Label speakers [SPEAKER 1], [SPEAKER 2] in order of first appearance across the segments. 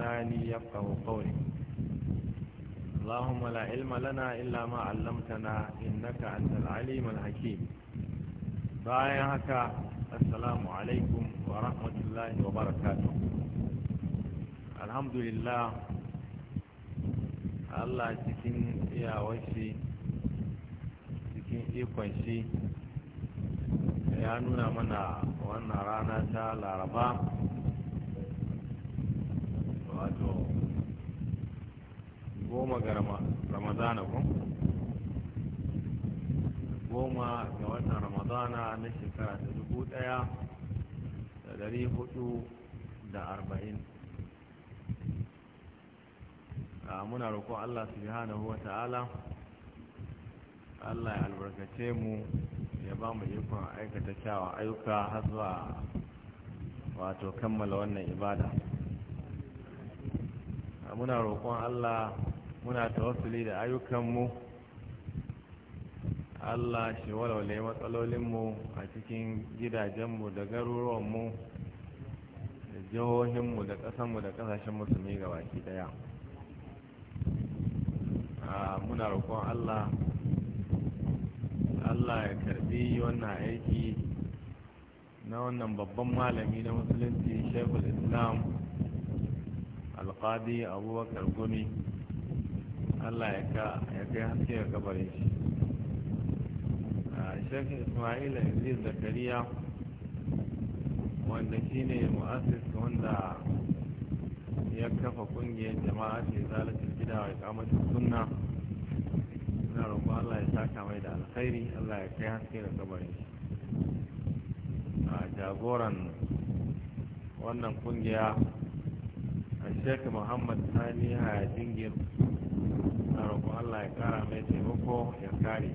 [SPEAKER 1] لساني يفقه قولي اللهم لا علم لنا إلا ما علمتنا إنك أنت العليم الحكيم بايعك السلام عليكم ورحمة الله وبركاته الحمد لله Allah cikin iyawarshi cikin ikonshi
[SPEAKER 2] ya nuna mana
[SPEAKER 1] wannan rana ta laraba wato goma ga ramadana kun goma ga watan ramadana na shekara ta dubu daya da dari hudu da arba'in muna roƙon allah subhanahu wa ta'ala allah ya albarkace mu ya ba mu ikon aikata kyawa ayyuka har zuwa wato kammala wannan ibada muna roƙon Allah muna tawassuli da ayyukanmu Allah shi walwale matsalolinmu a cikin gidajenmu da garuruwanmu da jihohinmu da ƙasanmu da ƙasashen musulmi ga baki daya muna roƙon Allah Allah ya karbi wannan aiki na wannan babban malami na musulunci shekul islam alƙadi abubakar gumi allah ya kai haske ga kabarin shi a ah, shekin ismail aziz zakariya wanda shi ne mu'assis wanda ya kafa ƙungiyar jama'a ce zalata gida wa ikamacin sunna na roƙo allah ya saka mai da alkhairi allah ya kai haske ga kabarin shi a ah, jagoran wannan ƙungiya الشيخ محمد ثاني هادينجر أرجو الله يكرم يتمكو يكاري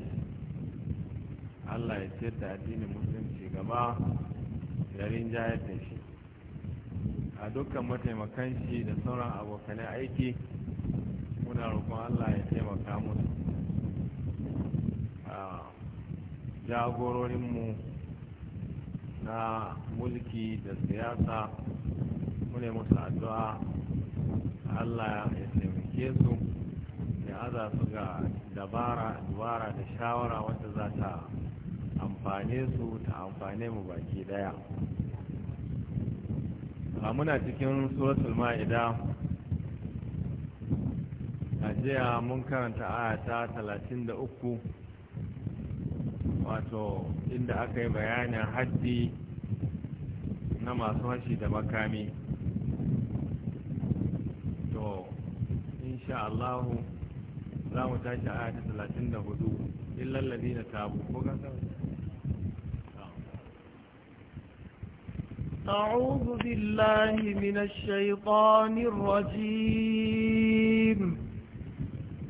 [SPEAKER 1] Allah ya ce ta addinin musulunci gaba da da shi a dukkan mataimakan shi da sauran abokanai aiki muna roƙon Allah ya taimaka na mulki da siyasa mune musu addu'a Allah ya taimake su ya aza su ga dabara dubara da shawara wadda za ta amfane su ta amfane mu baki daya a muna cikin suratul ma'ida a jiya mun karanta ayata talatin da uku wato inda aka yi bayanin haddi na masu hashi da makami to insha Allah za mu tashi a ayati 34 illal ladina tabu ko ga
[SPEAKER 3] أعوذ بالله من الشيطان الرجيم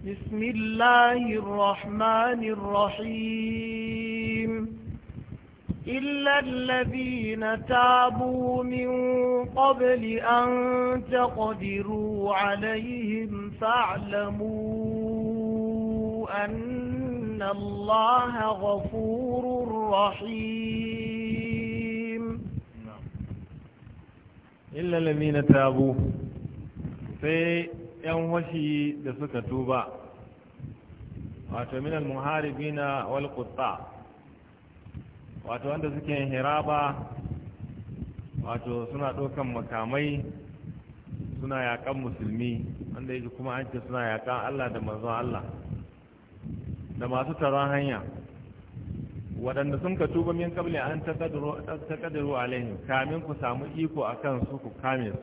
[SPEAKER 3] بسم الله الرحمن الرحيم إلا الذين تابوا من قبل أن تقدروا عليهم فاعلموا أن الله غفور رحيم
[SPEAKER 1] إلا الذين تابوا sai ‘yan washi da suka tuba wato minal muharibi na walƙutta wato suke hiraba wato suna ɗaukan makamai suna yaƙan musulmi wanda yake kuma an ce suna yaƙan Allah da manzon Allah da masu taron hanya waɗanda sun ka tuba min kabli an a alaihim kamin ku samu iko a kan su ku kame su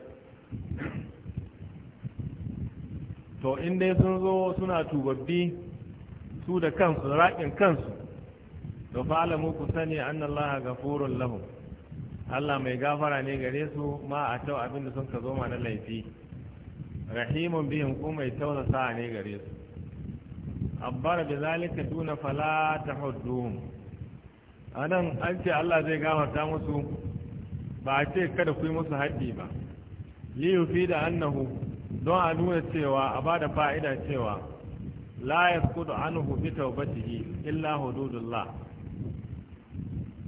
[SPEAKER 1] to in dai sun zo suna tubabbi su da kansu raƙin kansu da fa'alamu ku sani annallaha gafurun lahum Allah mai gafara ne gare su ma a tau abinda sun ka zo ma na laifi rahimun bihin ko mai tausasa ne gare su abbara bi zalika duna fala tahuddum anan an ce Allah zai gafarta musu ba a ce kada ku yi musu haɗi ba li yufida annahu don a nuna cewa a bada fa'ida cewa la yaskudu anhu bi tawbatihi illa hududullah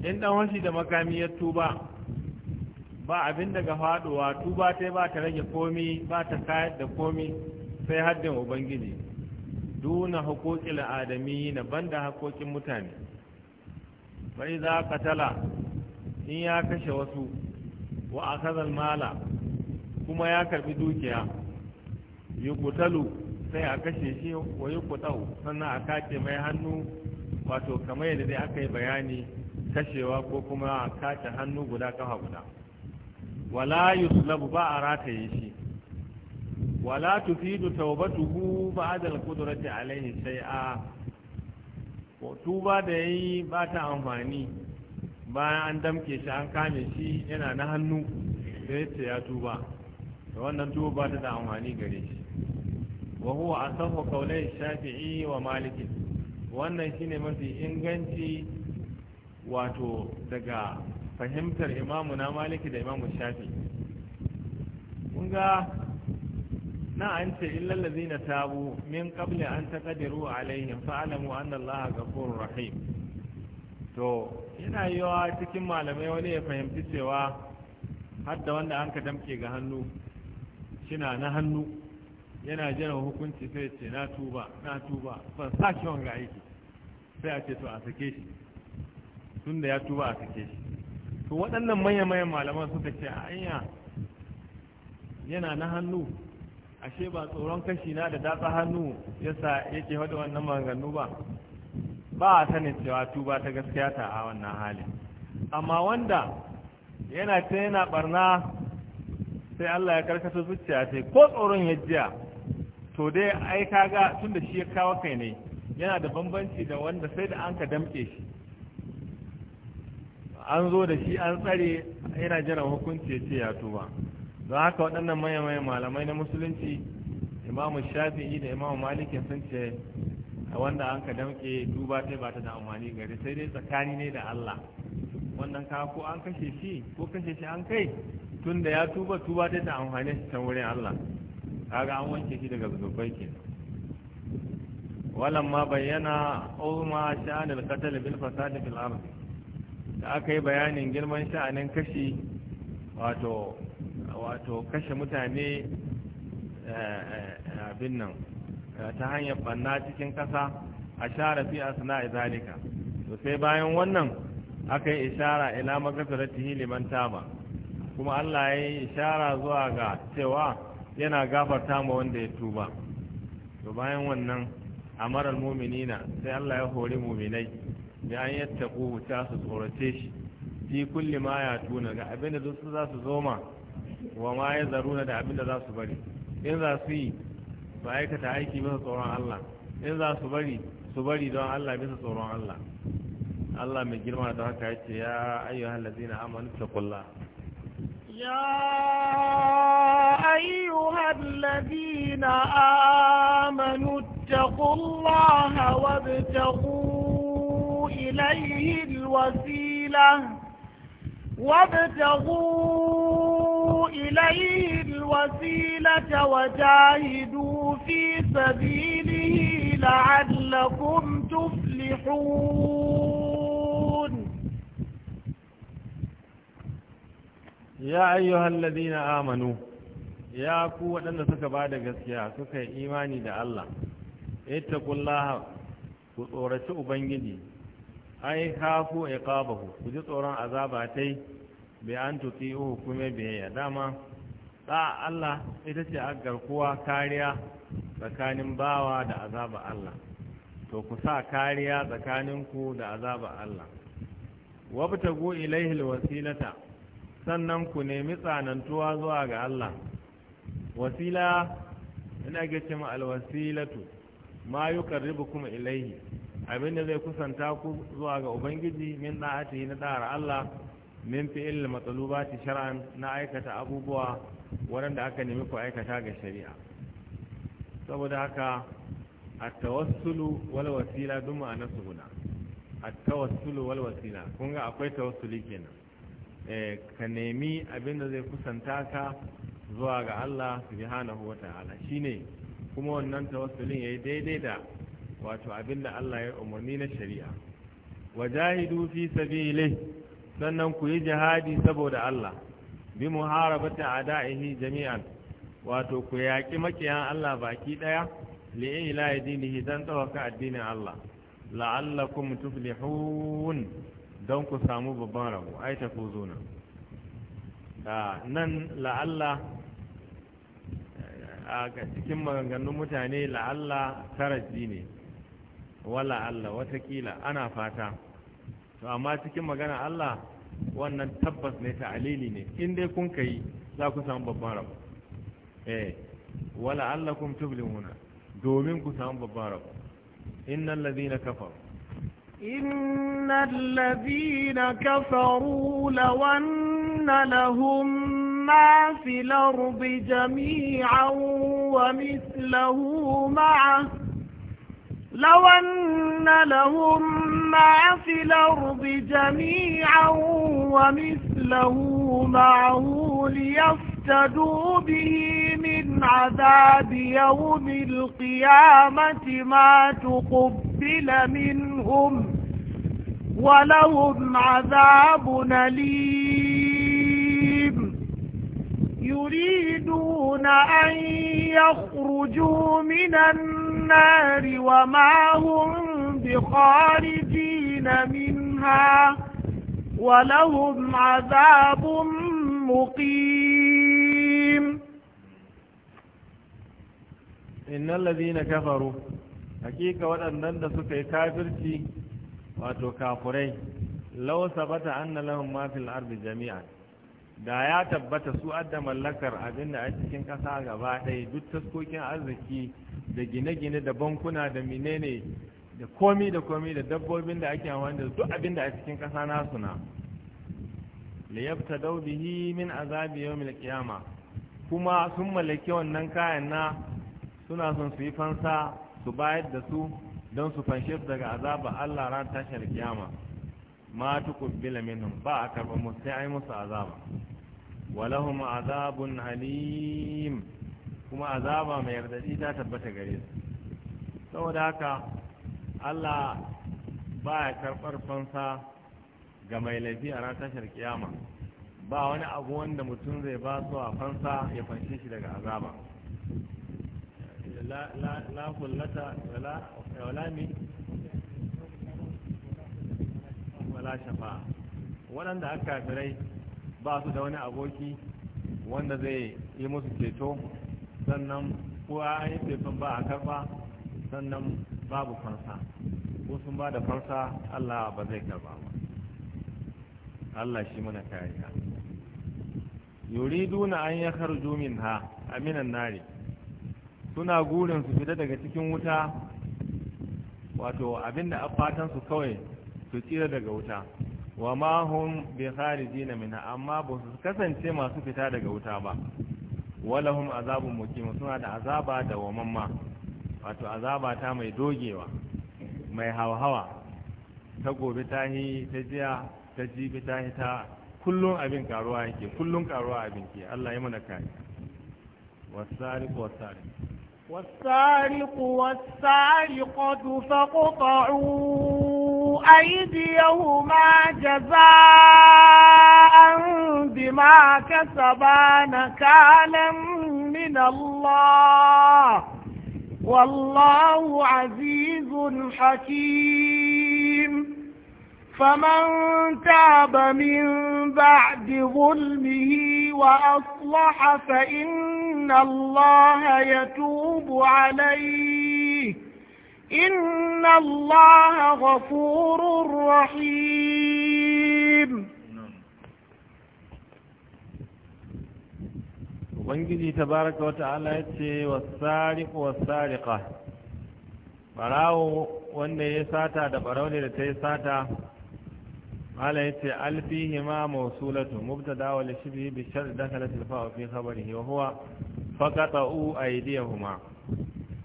[SPEAKER 1] in dan wasi da makami ya tuba ba abin daga faduwa tuba ta ba ta rage komi ba ta kayar da komi sai haddin ubangiji duna hukukin adami na banda hakokin mutane bai za ka tala in ya kashe wasu wa akazal mala kuma ya karbi dukiya yi sai a kashe shi wa yi sannan a kace mai hannu wato kamar yadda dai aka yi bayani kashewa ko kuma a kace hannu guda kafa guda wala yuslabu ba a rataye shi wala tufidu taubatuhu ba'da qudrati alaihi shay'a ko tuba da yayi ba ta amfani bayan an damke shi an kame shi yana na hannu da yace ya tuba da wannan tuba ba ta da amfani gare shi wa huwa asahu qawlai shafi'i wa maliki wannan shine mafi inganci wato daga fahimtar imamu na maliki da imamu shafi kun ga na an ce illal na tabu min qabli an taqdiru alaihim fa'lamu anna allaha ghafurur rahim to yana yawa cikin malamai wani ya fahimci cewa hadda wanda an ka damke ga hannu shina na hannu yana jiran hukunci sai ce na tuba na tuba ban sa shi wanga aiki sai a ce to a sake shi tun da ya tuba a sake shi to waɗannan manya-manyan malaman suka ce a anya yana na hannu ashe ba tsoron kashi na da datsa hannu yasa yake haɗa wannan maganganu ba ba a sanin cewa tuba ta gaskiya ta a wannan halin amma wanda yana ta yana barna sai Allah ya karkata zuciya sai ko tsoron ya jiya to dai ai kaga tun shi ya kawo kai ne yana da bambanci da wanda sai da an ka damke shi an zo da shi an tsare yana jiran hukunci ya ce ya tuba don haka waɗannan mayan malamai na musulunci imamu shafi'i da imamu malikin sun ce wanda an ka damke duba ta ba ta da amfani gari sai dai tsakani ne da Allah wannan ka ko an kashe shi ko kashe shi an kai tun da ya tuba tuba ta da amfani shi ta wurin Allah kaga an wanke shi daga zunubai ke walamma bayyana urma sha'anil qatl bil fasad bil ardh da aka yi bayanin girman sha'anin kashi wato kashe mutane eh, eh, abin nan ta hanyar banna cikin ƙasa a share fi a zalika to sai bayan wannan aka yi ishara ila magasarati liman taba kuma Allah ya yi ishara zuwa ga cewa yana gafarta ma wanda ya tuba to bayan wannan amaral mu'minina sai Allah ya hori mu'minai bi an yattaqu ta su tsorace shi fi kulli ma ya tuna ga abin da su za su zoma wa ma ya zaruna da abin da za su bari in za su yi su aikata aiki bisa tsoron Allah in za su bari su bari don Allah bisa tsoron Allah Allah mai girma da haka yace ya ayyuhal ladina amanu taqullaha
[SPEAKER 3] ya ayyuhal ladina amanu taqullaha wabtaqu إليه الوسيلة وابتغوا إليه الوسيلة وجاهدوا في سبيله لعلكم تفلحون
[SPEAKER 1] يا أيها الذين آمنوا يا قوة أن سكبا دقسيا سكي إيماني دا الله اتقوا الله ku tsoraci ubangiji ai kafu kabahu ku ji tsoron azaba tai bi an uku kuma biyayya dama ta Allah ita ce a garkuwa kariya tsakanin bawa da azaba Allah to ku sa kariya tsakaninku da azaba Allah wabtagu ilaihil wasilata sannan ku nemi tsanantuwa zuwa ga Allah wasila ina ga cewa alwasilatu ma yuqarribukum ilaihi Abin da zai kusanta ku zuwa ga ubangiji min da'atihi na da'ar Allah min fi'il matsalubati shar'an na aikata abubuwa waɗanda aka nemi ku aikata ga shari'a saboda haka at-tawassulu wal wasila duk ma'anar at-tawassulu wal wasila kun ga akwai tawassuli kenan eh ka nemi abin da zai kusanta ka zuwa ga Allah subhanahu wata'ala shine kuma wannan tawassulin yayi daidai da wato abinda Allah ya umarni na shari'a wajahidu fi sabili sannan ku yi jihadi saboda Allah bi muharabati ada'ihi jami'an wato ku yaki makiyan Allah baki daya li ila dinihi dan tsawaka addinin Allah la'allakum tuflihun don ku samu babban rabo ai ta kuzuna nan la'alla a cikin maganganun mutane la'alla taraji ne wala Allah watakila ana fata to amma cikin magana Allah wannan tabbas ne ta'alili ne in dai kun kai za ku samu babban rabo eh wala allakum tuflihuna domin ku samu babban rabo innal ladina kafaru
[SPEAKER 3] إن الذين كفروا لو أن لهم ما في الأرض جميعا ومثله معه لو أن لهم ما في الأرض جميعا ومثله معه ليفتدوا به من عذاب يوم القيامة ما تقبل منهم ولهم عذاب أليم يريدون أن يخرجوا من النار النار وما هم بخارجين منها ولهم عذاب
[SPEAKER 1] مقيم إن الذين كفروا حقيقة وأننا سكي كافرتي وأتو كافرين لو ثبت أن لهم ما في الأرض جميعا da ya tabbata su adda mallakar abin da a cikin ƙasa gaba ɗaya duk taskokin arziki da gine-gine da bankuna da menene da komi da komi da dabbobin da ake amfani da duk abin da a cikin ƙasa nasu na liyabta daubihi min azabi mil kiyama kuma sun mallaki wannan kayan na suna son su yi fansa su bayar da su don su fanshe su daga azabar Allah ran tashar kiyama ma tuqbila minhum ba a karɓa musu sai ai musu azaba walahum azabun Halim. kuma azaba mai yardadi ta tabbata gare su saboda haka Allah ba ya karɓar fansa ga mai laifi a ranar tashar kiyama ba wani abu wanda mutum zai ba su a fansa ya fanshe shi daga azaba la kullata wala mi la shafa waɗanda aka kafirai ba su da wani aboki wanda zai yi musu ceto sannan kuwa an yi ceton ba a karba sannan babu fansa ko sun ba da fansa Allah ba zai karba ba Allah shi mana kariya duna an ya kharju minha aminan nari suna gurin su fita daga cikin wuta wato abinda a fatan su kawai su tsira daga wuta wa ma hun bi na minha amma ba su kasance masu fita daga wuta ba walahum azabun muqim suna da azaba da wamamma wato azaba ta mai dogewa mai hawa-hawa ta gobe tahi ta jiya ta jibi tahi ta kullun abin karuwa yake kullun karuwa abin ke Allah ya mana kai wasariqu
[SPEAKER 3] wasariqu wasariqu fa qata'u أيديهما جزاء بما كسبا نكالا من الله والله عزيز حكيم فمن تاب من بعد ظلمه وأصلح فإن الله يتوب عليه إن الله غفور
[SPEAKER 1] رحيم Ubangiji tabaraka wa ta'ala ya ce wa wasariqa ɓarawo wanda ya sata da ɓarau da ta yi sata ala ya ce alfihi ma mausulatu mubtada wa lishbihi bi shar dakhalat al wa fi u wa huwa faqata'u huma.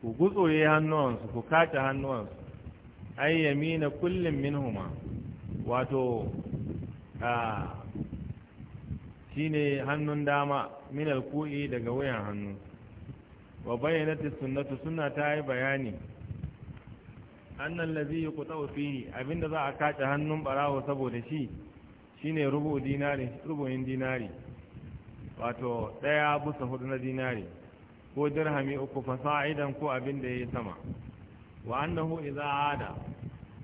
[SPEAKER 1] ku gutsoye hannuwansu ku kace hannuwansu ai yamina kullum minhuma wato shi ne hannun dama min alku'i daga wuyan hannu wa bayyanati sunnatu sunna ta yi bayani annan lazi yi ku fihi abinda za a kace hannun barawo saboda shi shine rubu dinari rubuyin dinari wato daya busa hudu na dinari ko dirhami uku fasa'idan ko abin da ya yi sama wa annahu idza ada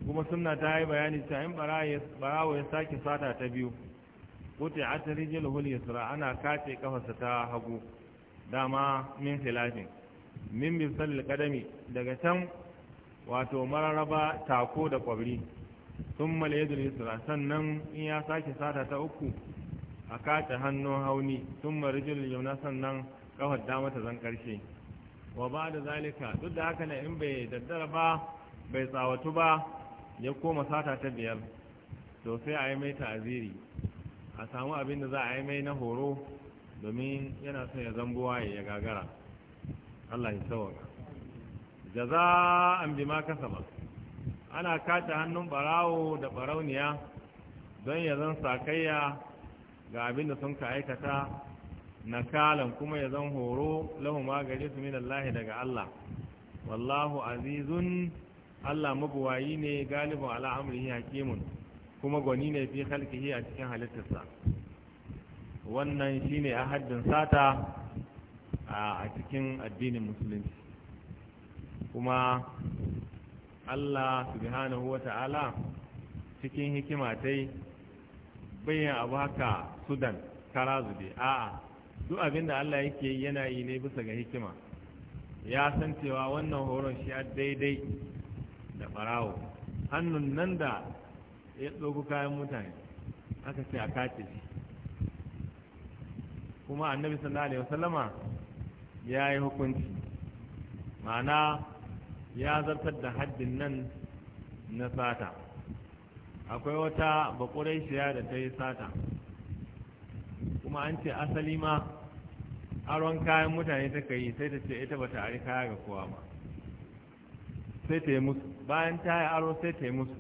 [SPEAKER 1] kuma sunna ta yi bayani cewa in barawo ya sake sata ta biyu kuti a yusra ana kace kafarsa ta hagu dama min filafin min salil kadami daga can wato mararaba tako da kwabri thumma malayadul yusra sannan in ya sake sata ta uku a kace hannun hauni thumma marijil yamna sannan kafar dama ta zan karshe wa ba da zalika duk da haka na in bai daddara ba bai tsawatu ba ya koma sata ta biyar to sai a yi mai ta'aziri a samu abin da za a yi mai na horo domin yana son ya zambuwa ya gagara Allah ya sauwaka jaza'an bima kasaba ana kata hannun barawo da barauniya don ya zan sakayya ga abin da sun ka aikata nakalan kuma ya zan horo lahu magare su minallahi daga Allah wallahu azizun Allah mabuwayi ne galibin al'amrihi hakimun kuma gwani ne fi halkihi a cikin halittarsa wannan shine a haddin sata a cikin addinin musulunci kuma Allah subhanahu wa ta'ala cikin hikimatai bayan abu haka sudan kara zube a'a duk abin da Allah yake yi yana yi ne bisa ga hikima ya san cewa wannan horon shi a daidai da farawo hannun nan da ya tsogu kayan mutane aka ce a kace shi kuma annabi sallallahu alaihi wasallama ya yi hukunci ma'ana ya zartar da haddin nan na sata akwai wata bakurai shiya da ta yi sata kuma an ce asali ma aron kayan mutane ta yi sai ta ce ita ba ta ari kaya ga kowa ba sai ta yi musu bayan ta yi aro sai ta yi musu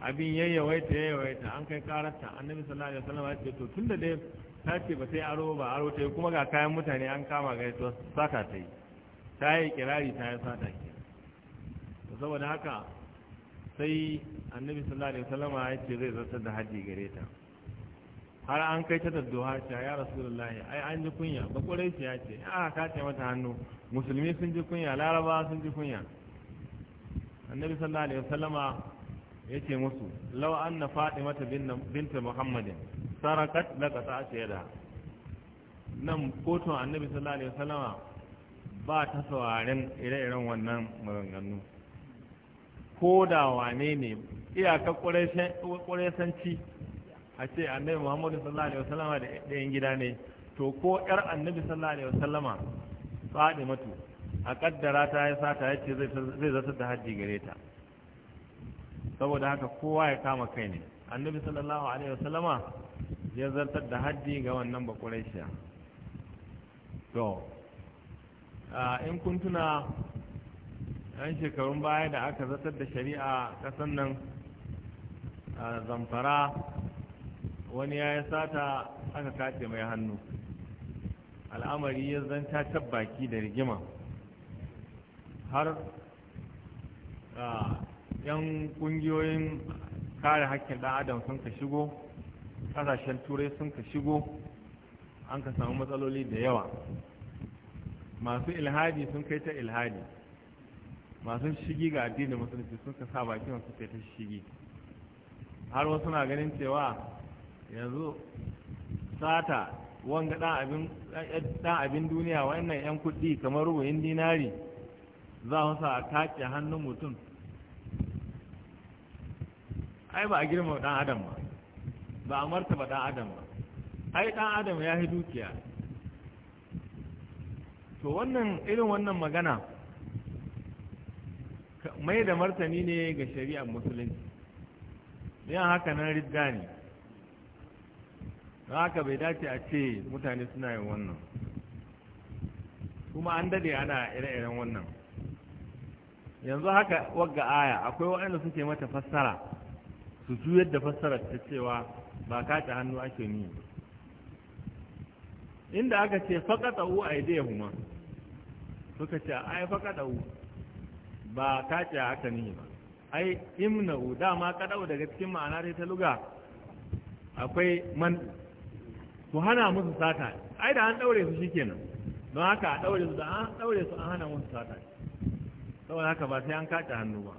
[SPEAKER 1] abin yayyawaita yayyawaita an kai kararta annabi sallallahu alaihi wasallam ya ce to tun da dai ta ce ba sai aro ba aro ta yi kuma ga kayan mutane an kama ga to saka ta yi ta yi kirari ta yi sata ke to saboda haka sai annabi sallallahu alaihi wasallam ya ce zai zartar da haji gare ta har an kai ta daddoha ta ya rasulullahi ai an ji kunya ba kwarai shi ya ce a ka ce mata hannu musulmi sun ji kunya laraba sun ji kunya annabi sallallahu alaihi wasallama ya ce musu law anna fatimata binta muhammadin sarakat laka ta ce da nan kotun annabi sallallahu alaihi wasallama ba ta sauraren ire-iren wannan maganganu ko da wane ne iyakar kwarai ci? a ce annabi muhammadu sallallahu alaihi wasallama da ɗayan gida ne to ko ƴar annabi sallallahu alaihi wasallama fadimatu a kaddara ta ya sata ya ce zai zata da hajji gare ta saboda haka kowa ya kama kai ne annabi sallallahu alaihi wasallama ya zartar da hajji ga wannan bakuraishiya to in kun tuna yan shekarun baya da aka zartar da shari'a kasan nan zamfara wani ya sata aka kace mai hannu al'amari ya zanta tabbaki da rigima har yan kungiyoyin kare hakkin ɗan adam sun ka shigo ƙasashen turai sun ka shigo an ka samu matsaloli da yawa masu ilhadi sun kai ta ilhadi masu shigi ga addinin musulunci sun ka sa bakin su kai ta shigi har wasu na ganin cewa yanzu sata wanga ɗan abin duniya wannan 'yan kuɗi kamar rubu'in dinari za a sa a kace hannun mutum ai ba a girma ɗan adam ba ba a martaba ɗan adam ba ai ɗan adam ya yi dukiya to wannan irin wannan magana mai da martani ne ga shari'ar musulunci yan haka nan ridda ne don haka bai dace a ce mutane suna yin wannan kuma an dade ana ire-iren wannan yanzu haka wagga aya akwai waɗanda suke mata fassara su juyar da fassara ta cewa ba kace hannu ake ni inda aka ce faƙaɗa'u a idai huma suka ce ai faƙaɗa'u ba kace haka ni ba ai imna'u dama kaɗau daga cikin ma'ana ta luga akwai man ku hana musu sata ai da an daure su shikenan don haka a daure su da an daure su an hana musu sata saboda haka ba sai an kace hannu ba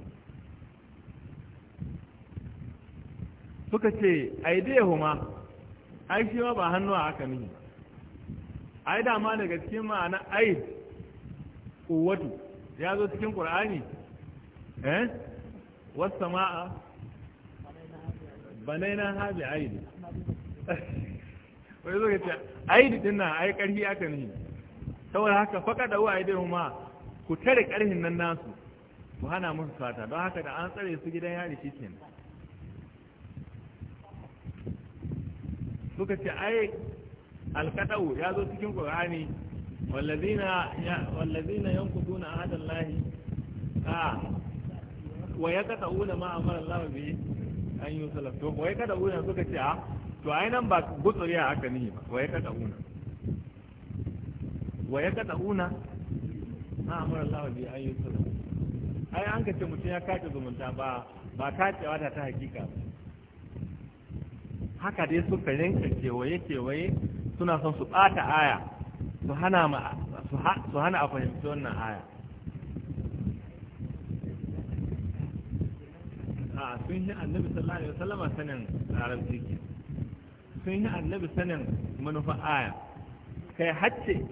[SPEAKER 1] suka ce aidehuma ai shi ma ba hannu a aka nuni ai dama daga cikin ma'ana ai kuwatu ya zo cikin qur'ani eh was sama'a banaina habi aidi wani zo ce aidi din nan ai karfi aka ne saboda haka faka da wa'ai dai ma ku tare karhin nan nasu ku hana musu fata don haka da an tsare su gidan yari shi kenan suka ce ai alkadau ya zo cikin qur'ani wallazina wallazina yanquduna ahadallahi a wa yaqta'una ma amara Allah bi an yusala to wa yaqta'una suka ce a to a nan ba gutsuriya aka ne ba wa ya kada una wa ya kada una na amur Allah bi an yi sala ai an kace mutum ya kace zumunta ba ba kacewa ta ta hakika ba. haka dai suka rinka kewaye kewaye suna son su bata aya su hana ma su hana a fahimci wannan aya a sun yi annabi sallallahu alaihi wasallam sanin larabci kenan sun yi annabi sanin manufa aya kai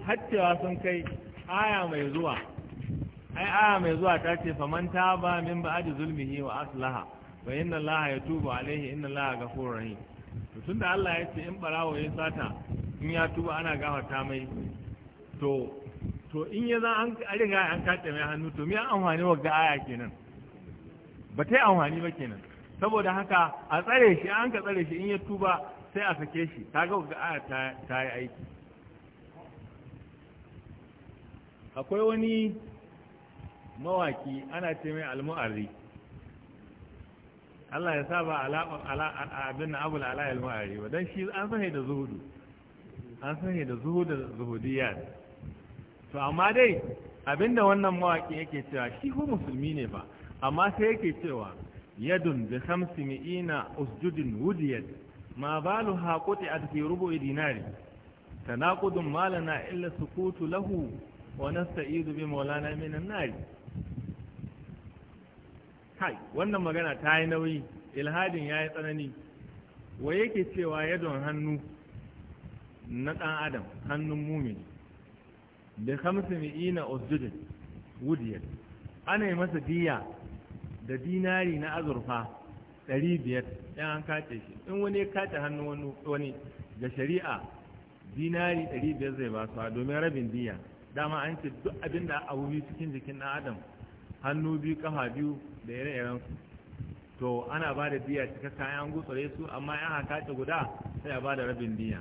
[SPEAKER 1] haccewa sun kai aya mai zuwa ai aya mai zuwa ta ce faman ba min ba'di zulmihi wa aslaha wa inna allaha tuba alaihi inna allaha ghafurur rahim to tunda Allah ya ce in barawo ya sata in ya tuba ana gafarta mai to to in ya za an riga an kace mai hannu to me amfani wa ga aya kenan ba ta yi amfani ba kenan saboda haka a tsare shi an ka tsare shi in ya tuba sai a sake shi ta ga a ta yi aiki akwai wani mawaki ana ce mai almu'arri Allah ya saba abin na abu ala almu'arri ba don shi an sahi da zuhudu an sahi da zuhudu zuhudiyya to amma dai abinda wannan mawaki yake cewa shi ko musulmi ne ba amma sai yake cewa yadun da samsi ina usjudin wudiyat ma balu haƙuti a fi rubu dinari tanaqudun malana illa sukutu lahu wa nasta'idu bi maulana minan nari kai wannan magana ta yi nauyi ilhadin ya yi tsanani wa yake cewa yadon hannu na ɗan adam hannun mumin da hamsin ina osjudin wudiyar ana yi masa diya da dinari na azurfa ɗari biyar ɗan an kace shi in wani ya kace hannun wani ga shari'a dinari ɗari biyar zai ba su domin rabin diya dama an ce duk abin da abu biyu cikin jikin ɗan adam hannu biyu kafa biyu da ire-iren su to ana ba da diya cika kayan gutsure su amma ya haka kace guda sai a ba da rabin diya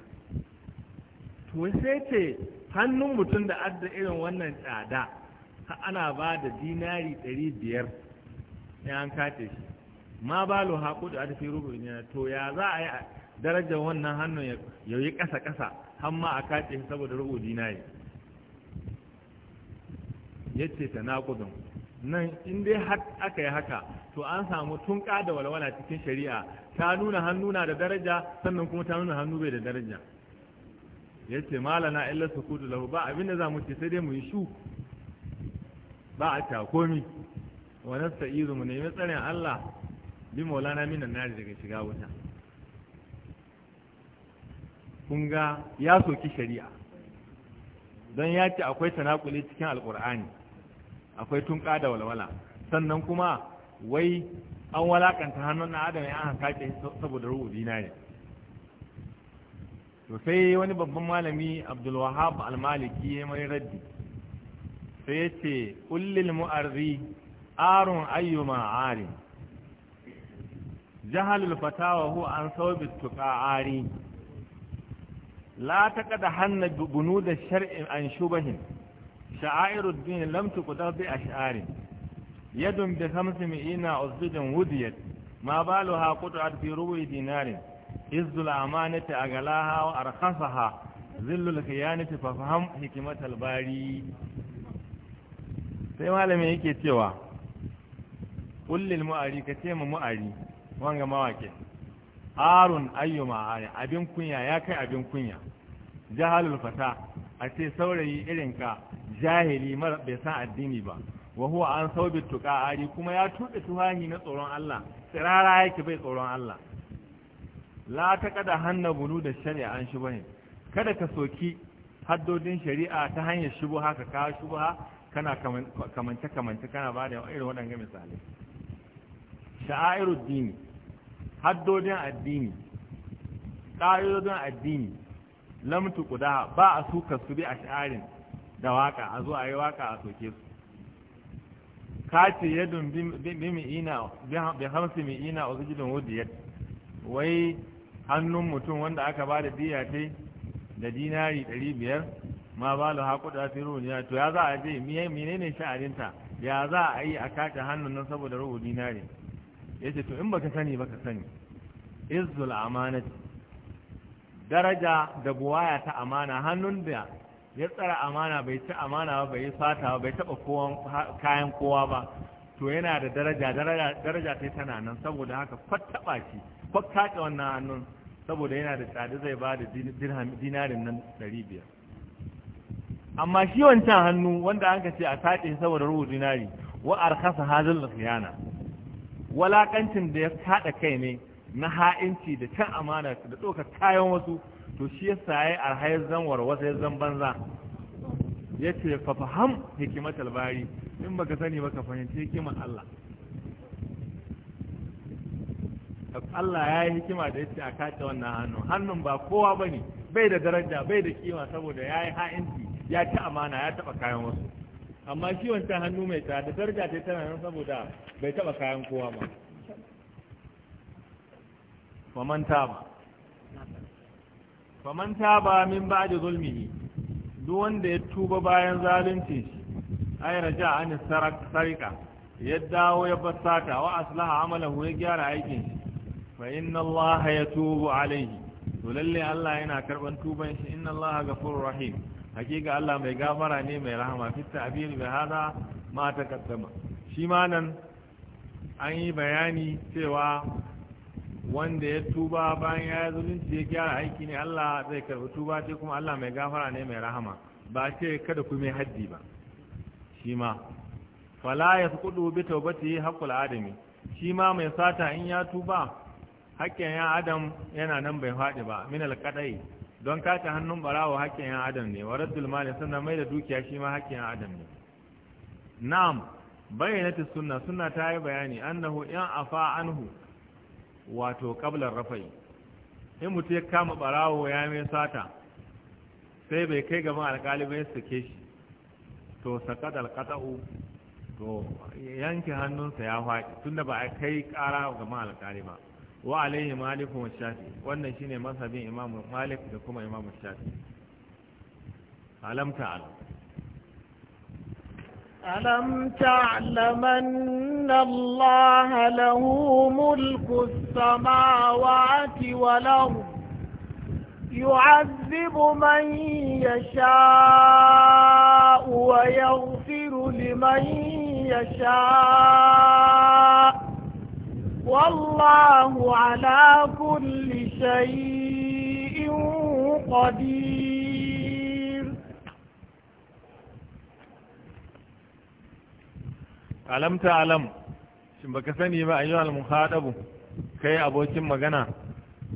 [SPEAKER 1] to sai ce hannun mutum da adda irin wannan tsada ana ba da dinari ɗari biyar ɗan an kace shi ma haƙo haƙudu a tafi rubu ne to ya za a yi darajar wannan hannun ya yi ƙasa-ƙasa hamma a kace saboda rubu yi ya ce ta naƙudun nan in dai aka yi haka to an samu tunƙa da walwala cikin shari'a ta nuna hannu na da daraja sannan kuma ta nuna hannu bai da daraja ya ce malana illa sukutu lahu ba abin da za mu ce sai dai mu yi shu ba a komi wa nasta izu mu nemi tsarin Allah bi maulana minan yari daga shiga wuta kun ga ya soki shari'a don ya ce akwai tanakuli cikin alkur'ani akwai tunka da walwala sannan kuma wai an walakanta hannun na adam ya an kace saboda rububi na ne to sai wani babban malami abdulwahab maliki ya mai raddi sai ya ce kullil mu'arri arun ayyuma arin jahalul fatawa hu an saubi tuqa'ari la taqad hanna bunud da shari an shubahin sha'airud din lam tuqdar bi ash'ari yadun bi khamsi mi'ina usdin wudiyat ma baluha qut'at bi ruwi dinarin izzul amanati agalaha wa arkhasaha al khiyanati fa faham al bari sai malamin yake cewa kullil mu'ari ka ce ma mu'ari wanga mawaƙin arun ayyuma ari abin kunya ya kai abin kunya jahalul fata a ce saurayi irin ka jahili mara bai san addini ba wa huwa an saubi tuka ari kuma ya tuɓe tuhahi na tsoron Allah tsirara yake bai tsoron Allah la ta kada hanna bulu da shari'a an shi bane kada ka soki haddodin shari'a ta hanyar shubuha ka kawo shubuha kana kamance kamance kana ba da irin waɗannan misali. Sha'a'iru dini haddodin addini ƙa'idodin addini lamtu kuda ba a suka su bi a sha'arin da waka a zo a yi waka a soke su kace yadun bi ina bi hamsi a wudiyar wai hannun mutum wanda aka ba da diya ta da dinari ɗari biyar ma ba da haƙu da fi ruhuniya to ya za a je menene sha'arinta ya za a yi a kace hannun nan saboda rubu dinari yace to in baka sani baka sani izzul amanati daraja da buwaya ta amana hannun da ya tsara amana bai ci amana ba bai fata ba bai taba kayan kowa ba to yana da daraja daraja ta tana nan saboda haka fattaba shi fattaka wannan hannun saboda yana da tsada zai ba da dinarin nan 500 amma shi wancan hannu wanda an ka ce a sace saboda rubu dinari wa kasa hazil khiyana walakancin da ya haɗa kai ne na ha'inci da can amana da ɗaukar kayan wasu to shi ya saye a hayar zanwar wasu ya zan banza ya ce fafaham hikimat albari in baka sani baka fahimci hikimar Allah Allah ya yi hikima da ya ce a kace wannan hannu hannun ba kowa ba ne, bai da daraja bai da kima saboda ya yi ha'inci ya ci amana ya taɓa kayan wasu amma shi wancan hannu mai tsada daraja ta tana nan saboda bai taba kayan kowa ba. faman ba faman taba min ba da zulmi duk wanda ya tuba bayan zalunci shi ay raja an sarika ya dawo ya basata wa aslaha amalahu ya gyara aikin shi fa inna allaha yatubu alayhi to lalle Allah yana karban tuban shi inna allaha ghafurur rahim hakika Allah mai gafara ne mai rahama fi ta'bir bi hada ma taqaddama shi ma nan an yi bayani cewa wanda ya tuba bayan ya yi zulunci ya gyara aiki ne Allah zai karɓi tuba ce kuma Allah mai gafara ne mai rahama ba ce kada ku mai haddi ba shi ma fala ya kudu bi taubati haƙƙul adami shi ma mai sata in ya tuba haƙƙin ya adam yana nan bai faɗi ba min alƙadai don kace hannun barawo hakkin yan adam ne wa raddul mali sannan mai da dukiya shi ma hakkin yan adam ne na'am bayyanatu sunna sunna ta yi bayani annahu in afa anhu wato qabla rafai in mutum ya kama barawo ya mai sata sai bai kai gaban alkali bai sake shi to sakat alqata'u to yanke hannunsa ya faɗi tunda ba a kai ƙara gaban alkali ba wa alaihi malik wa shafi wannan shine mazhabin imamu malik da kuma imamu shafi alam ta'ala
[SPEAKER 3] ألم تعلم أن الله له ملك السماوات والأرض يعذب من يشاء ويغفر لمن يشاء والله على كل شيء a
[SPEAKER 1] ألم تعلم شبك سني ما أيها المخاطب كي أبوك مغنى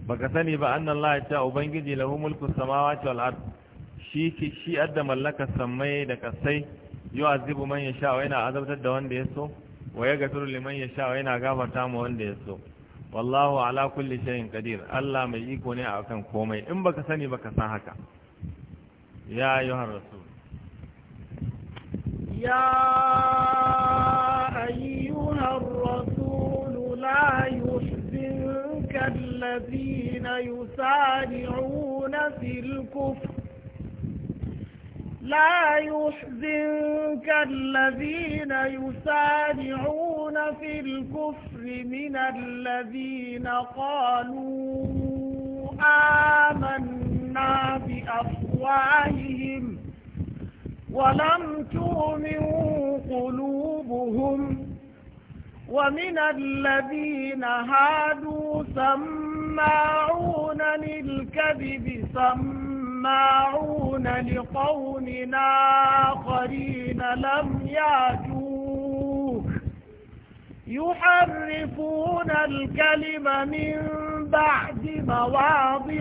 [SPEAKER 1] baka sani ba annan Allah ya ce ubangiji lahu mulku samawati wal ard shi ki shi adda mallaka samai da kasai yu'azibu man yasha wa yana azabtar da wanda ya so wa ya gasar liman ya sha yana gafarta ma wanda ya so wallahu ala kulli shay'in qadir Allah mai iko ne akan komai in baka sani baka san haka ya ayyuhar rasul
[SPEAKER 3] ya ayyuhar rasul la yuhzinka alladhina yusari'una fil kufr لا يحزنك الذين يسارعون في الكفر من الذين قالوا آمنا بأفواههم ولم تؤمن قلوبهم ومن الذين هادوا سماعون للكذب سماعون سماعون لقوم آخرين لم يأتوك يحرفون الكلم من بعد مواضعه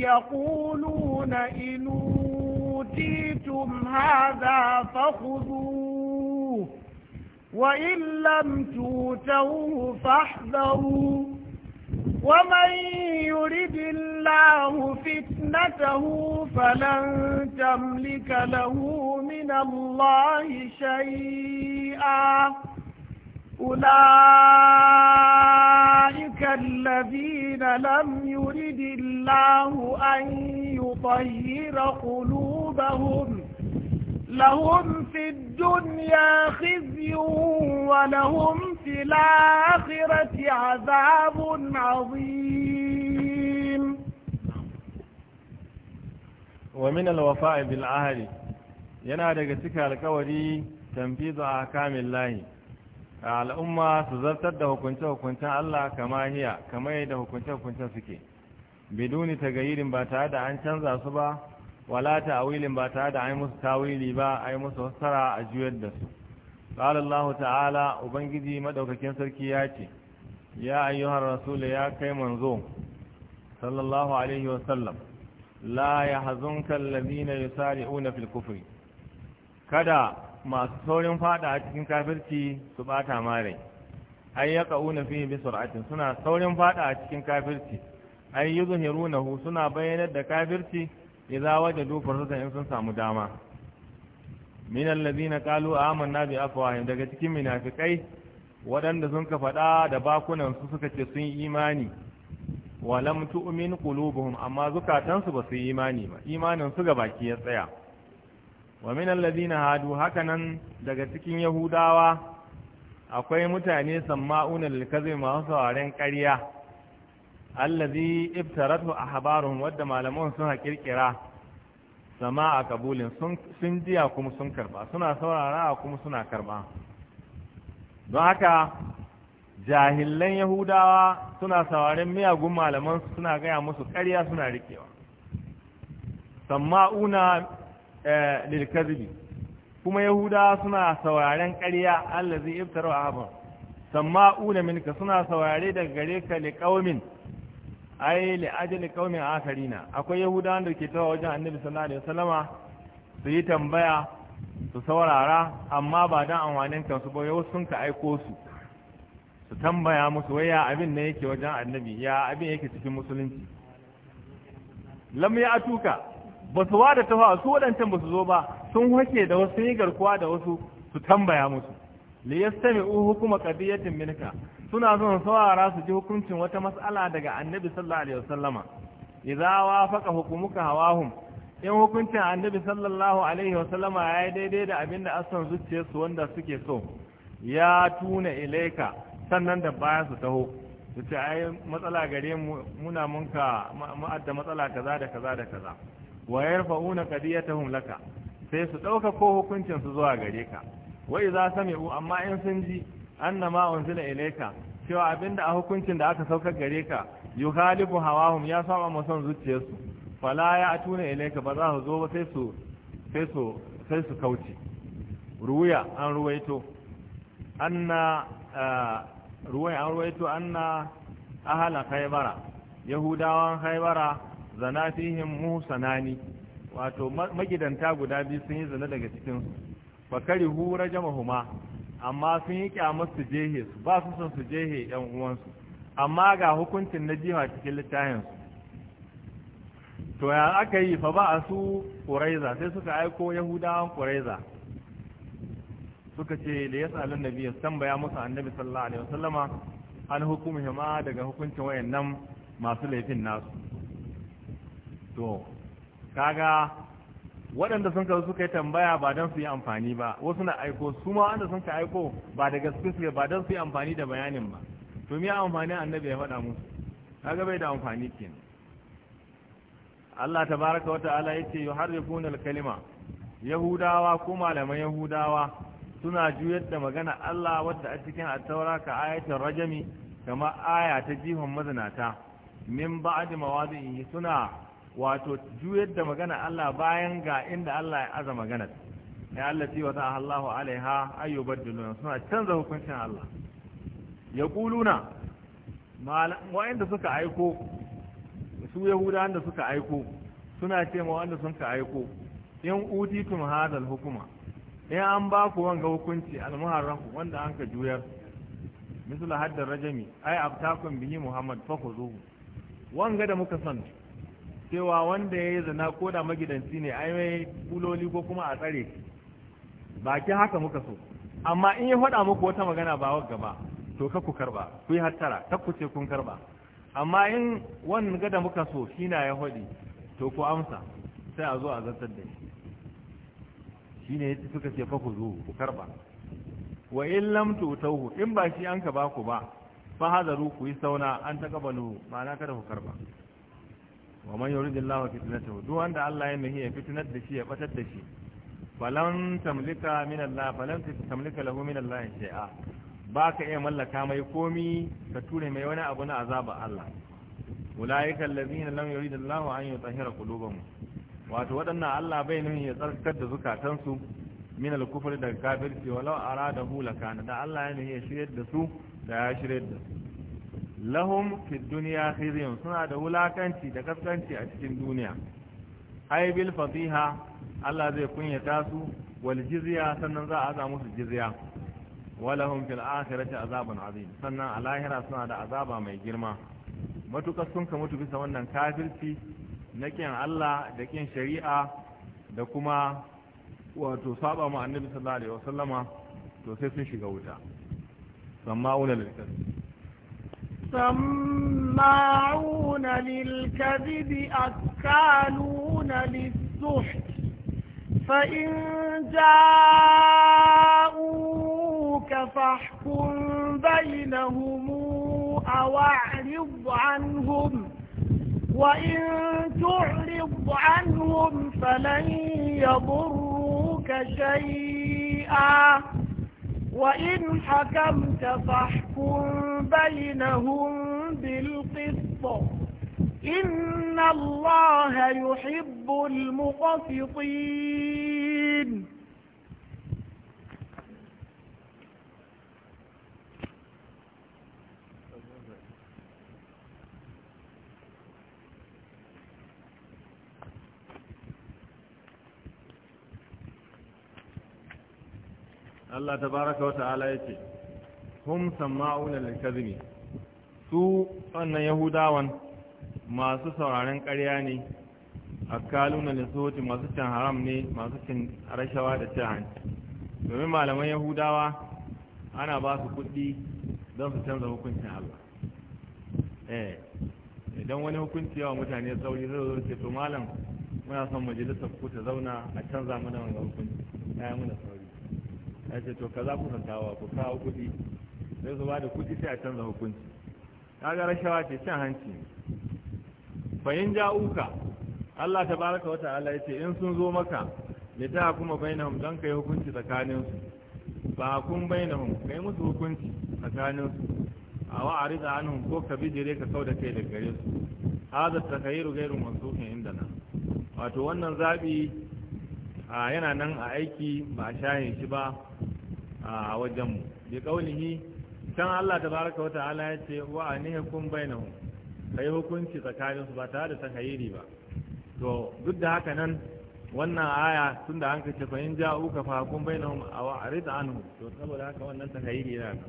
[SPEAKER 3] يقولون إن أوتيتم هذا فخذوه وإن لم توتوه فاحذروا ومن يرد الله فتنته فلن تملك له من الله شيئا أولئك الذين لم يرد الله أن يطهر قلوبهم لهم في الدنيا azabun ولهم في الآخرة عذاب
[SPEAKER 1] عظيم ومن الوفاء بالعهد ينادق سكى الكوري تنفيذ أحكام الله al'umma su zartar da hukunce-hukuncen Allah kama hiya kama hukunce-hukuncen suke biduni ta gayirin ba tare da an canza su ba wala ta'awilin ba tare da ai musu tawili ba ai musu fassara a juyar da su qala Allah ta'ala ubangiji madaukakin sarki ya ce ya ayyuhar rasul ya kai manzo sallallahu alaihi wa sallam la yahzunka alladhina yusari'una fil kufri kada masu saurin fada a cikin kafirci su bata mare ai yaqauna fihi bi sur'atin suna saurin fada a cikin kafirci ai yuzhirunahu suna bayyanar da kafirci idza wajadu fursatan in sun samu dama min allazina qalu amanna bi afwahihim daga cikin munafikai waɗanda sun faɗa da bakunan su suka ce sun imani wa lam tu'min qulubuhum amma zukatansu ba su imani ba imanin su ga baki ya tsaya wa min allazina hadu hakanan daga cikin yahudawa akwai mutane samma'unan likazai masu ma karya. allazi ibtaratu ahbaruhum wadda malaman sun kirkira sama a kabulin sun jiya kuma sun karba suna saurara kuma suna karba don haka jahilan yahudawa suna sauraren miyagun malaman suna gaya musu ƙarya suna rikewa sama'una eh, lilkazibi kuma yahudawa suna sauraren ƙarya allazi ibtaratu ahbaruhum sama'una minka suna saurare daga gare ka liqaumin ai li ajali qaumin akharina akwai yahudawan da ke tawa wajen annabi sallallahu alaihi wasallama su yi tambaya su saurara amma ba dan amfanin kansu ba yau sun ka aiko su su tambaya musu waya abin ne yake wajen annabi ya abin yake cikin musulunci lam ya atuka ba su wada tafa su wadancan ba su zo ba sun hake da wasu sun yi garkuwa da wasu su tambaya musu li yastami'u hukuma qadiyatin minka suna son saurara su ji hukuncin wata mas'ala daga annabi sallallahu alaihi wasallama idza wafaqa hukumuka hawahum in hukuncin annabi sallallahu alaihi wasallama yayi daidai da abinda asan zuciyarsu wanda suke so ya tuna ilaika sannan da baya su taho su ce ai matsala gare mu muna munka ma'adda matsala kaza da kaza da kaza wa yarfa'una qadiyatahum laka sai su dauka ko hukuncin su zuwa gare ka wa idza sami'u amma in sun ji annama unzila ilayka cewa abinda a hukuncin da aka sauka gare ka Yuhalibu hawahum ya saba ma son zuciyarsu fala ya atuna ilayka ba za su zo ba sai su sai su sai su kauce ruwaya an ruwaito anna eh, ruwaya an ruwaito anna ahala khaybara yahudawan khaybara zanatihim musanani wato magidanta guda biyu sun yi zina daga cikin su fakari hu rajamahuma amma sun yi kyamar su jehe su ba su son su jehe yan uwansu amma ga hukuncin na jiha cikin littafinsu to ya aka yi fa ba a su ƙuraiza sai suka aiko yahudawan ƙuraiza suka ce da ya da nabi ya tambaya musu annabi sallallahu alaihi wasallama an hukumu ma ah, daga hukuncin wayannan masu laifin nasu to kaga waɗanda sun ka suka yi tambaya ba don su yi amfani ba wasu na aiko su ma wanda sun ka aiko ba da gaske suke ba don su yi amfani da bayanin ba to me amfani annabi ya faɗa musu kaga bai da amfani kenan Allah tabaraka wa ta'ala yace yuharrifuna al-kalima yahudawa ko malaman yahudawa suna juyar da magana Allah wadda a cikin at-taura ka ayatul rajami kama aya ta jihon mazinata min ba'di mawadihi suna wato juyar da magana Allah bayan ga inda Allah ya aza maganar. ya Allah ce ta Allahu alaiha ayyubaddilu suna canza hukuncin Allah ya kuluna wa'inda suka aiko su yahuda da suka aiko suna ce ma wanda sun ka aiko in utitum hadal hukuma in an ba ku wanga hukunci almuharrafu wanda an ka juyar misal haddar rajami ai abtakum bihi muhammad fa khuzuhu wanga da muka san cewa wanda ya yi zina ko da magidanci ne ai mai kuloli ko kuma a tsare ba ki haka muka so amma in ya faɗa muku wata magana ba wagga ba to ka ku karba ku yi hattara ta ku ce kun karba amma in wannan gada muka so shi na ya faɗi to ku amsa sai a zo a zartar da shi shi ne suka ce fa ku zo ku karba wa in lam tutauhu in ba shi an ka ba ku ba fa hadaru ku yi sauna an taqabalu ma'ana kada ku karba wa man yuridillahu fitnatahu duk wanda Allah ya nahi ya fitnar da shi ya batar da shi falan tamlika min Allah falan tamlika lahu min Allah shay'a baka iya mallaka mai komi ka ture mai wani abu na azaba Allah ulaika allazina lam yuridillahu an yutahhira qulubahum wato waɗannan Allah bai nuni ya tsarkar da zukatansu min al-kufri daga kafirci walau aradahu lakana da Allah ya nahi ya shiryar da su da ya shiryar da su lahum fi duniya khizyun suna da wulakanci da kaskanci a cikin duniya ay bil fatiha Allah zai kunyata su wal jizya sannan za a aza musu jizya walahum fil akhirati azabun azim sannan a lahira suna da azaba mai girma matukar sun ka mutu bisa wannan kafirci na kin Allah da kin shari'a da kuma wato saba mu annabi sallallahu alaihi wasallama to sai sun shiga wuta samma'una lil kafir
[SPEAKER 3] سماعون للكذب أكالون للسحت فإن جاءوك فاحكم بينهم أو أعرض عنهم وإن تعرض عنهم فلن يضروك شيئا وإن حكمت فاحكم بينهم بالقسط إن الله يحب المقسطين
[SPEAKER 1] Allah ta baraka wa ta'ala ce, hum sama'una lil kadhibi su wannan yahudawan masu sauraren ƙarya ne akaluna da suhuti masu cin haram ne masu cin rashawa da cin hanci domin malaman yahudawa ana ba su kuɗi don su canza hukuncin Allah eh idan wani hukunci yawa mutane sauri zai zo ce to malam muna son majalisar ku ta zauna a canza mana wani hukunci ya yi muna sauri ya ce to kaza ku kawo ku kawo kuɗi sai su ba da kuɗi sai a canza hukunci kaga rashawa ce cin hanci fahim uka. Allah ta baraka wata Allah ya ce in sun zo maka ya ta kuma bainahum don ka yi hukunci tsakaninsu ba kun bainahum ka yi musu hukunci tsakaninsu a wa'ari da anhum ko ka bijire ka kau da kai da gare su hada takhayyuru ghairu mansufin na wato wannan zaɓi yana nan a aiki ba a shahin shi ba a wajenmu bi kaulihi can Allah tabaraka wata'ala ya ce wa anihkum bainahu kai hukunci tsakanin su ba tare da tahayiri ba to duk da haka nan wannan aya tun da an kace fa in ja'u ka fa hukum bainahum aw arid anhu to saboda haka wannan tahayiri yana nan